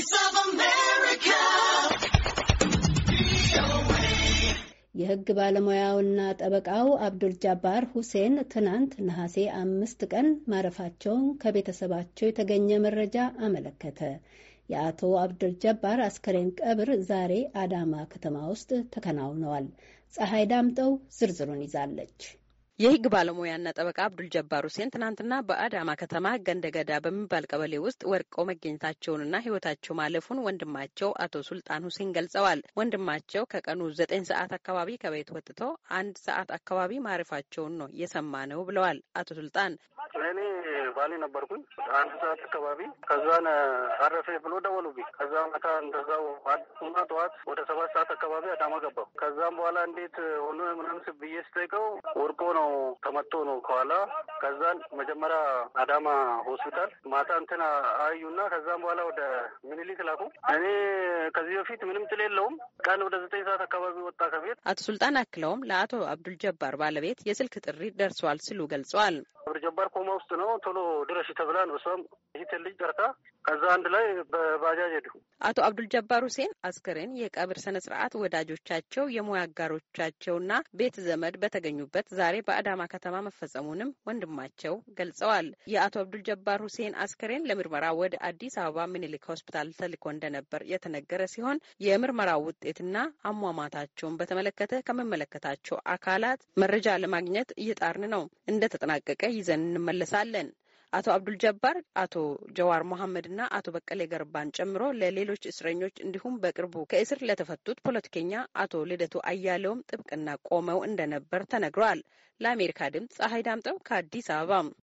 Voice of America. የሕግ ባለሙያውና ጠበቃው አብዱል ጃባር ሁሴን ትናንት ነሐሴ አምስት ቀን ማረፋቸውን ከቤተሰባቸው የተገኘ መረጃ አመለከተ። የአቶ አብዱል ጃባር አስከሬን ቀብር ዛሬ አዳማ ከተማ ውስጥ ተከናውነዋል። ፀሐይ ዳምጠው ዝርዝሩን ይዛለች። የህግ ባለሙያና ጠበቃ አብዱል ጀባር ሁሴን ትናንትና በአዳማ ከተማ ገንደገዳ በሚባል ቀበሌ ውስጥ ወድቀው መገኘታቸውንና ህይወታቸው ማለፉን ወንድማቸው አቶ ሱልጣን ሁሴን ገልጸዋል። ወንድማቸው ከቀኑ ዘጠኝ ሰዓት አካባቢ ከቤት ወጥተው አንድ ሰዓት አካባቢ ማረፋቸውን ነው የሰማ ነው ብለዋል። አቶ ሱልጣን እኔ ባሌ ነበርኩኝ። አንድ ሰዓት አካባቢ ከዛን አረፈ ብሎ ደወሉብኝ። ከዛ ማታ እንደዛው አና ጠዋት ወደ ሰባት ሰዓት አካባቢ አዳማ ገባሁ። ከዛም በኋላ እንዴት ሆኖ ምናምን ብዬ ስጠይቀው ወድቆ ነው ተመቶ ነው ከኋላ ከዛን መጀመሪያ አዳማ ሆስፒታል ማታ እንትን አዩና ከዛም በኋላ ወደ ምኒልክ ላኩ። እኔ ከዚህ በፊት ምንም ጥል የለውም። ቀን ወደ ዘጠኝ ሰዓት አካባቢ ወጣ ከቤት። አቶ ሱልጣን አክለውም ለአቶ አብዱል ጀባር ባለቤት የስልክ ጥሪ ደርሷል ሲሉ ገልጸዋል። አብዱልጀባር ኮማ ውስጥ ነው፣ ቶሎ ድረሽ ተብላ ነው እሷም ይህትን ልጅ ጠርታ ከዛ አንድ ላይ በባጃጅ ሄዱ። አቶ አብዱል ጀባር ሁሴን አስክሬን የቀብር ስነ ስርዓት ወዳጆቻቸው፣ የሙያ አጋሮቻቸውና ቤት ዘመድ በተገኙበት ዛሬ በአዳማ ከተማ መፈጸሙንም ወንድማቸው ገልጸዋል። የአቶ አብዱል ጀባር ሁሴን አስክሬን ለምርመራ ወደ አዲስ አበባ ምኒልክ ሆስፒታል ተልኮ እንደነበር የተነገረ ሲሆን የምርመራው ውጤትና አሟሟታቸውን በተመለከተ ከመመለከታቸው አካላት መረጃ ለማግኘት እየጣርን ነው። እንደተጠናቀቀ ይዘን እንመለሳለን። አቶ አብዱል ጀባር፣ አቶ ጀዋር መሐመድ እና አቶ በቀሌ ገርባን ጨምሮ ለሌሎች እስረኞች እንዲሁም በቅርቡ ከእስር ለተፈቱት ፖለቲከኛ አቶ ልደቱ አያሌውም ጥብቅና ቆመው እንደነበር ተነግረዋል። ለአሜሪካ ድምጽ ፀሐይ ዳምጠው ከአዲስ አበባ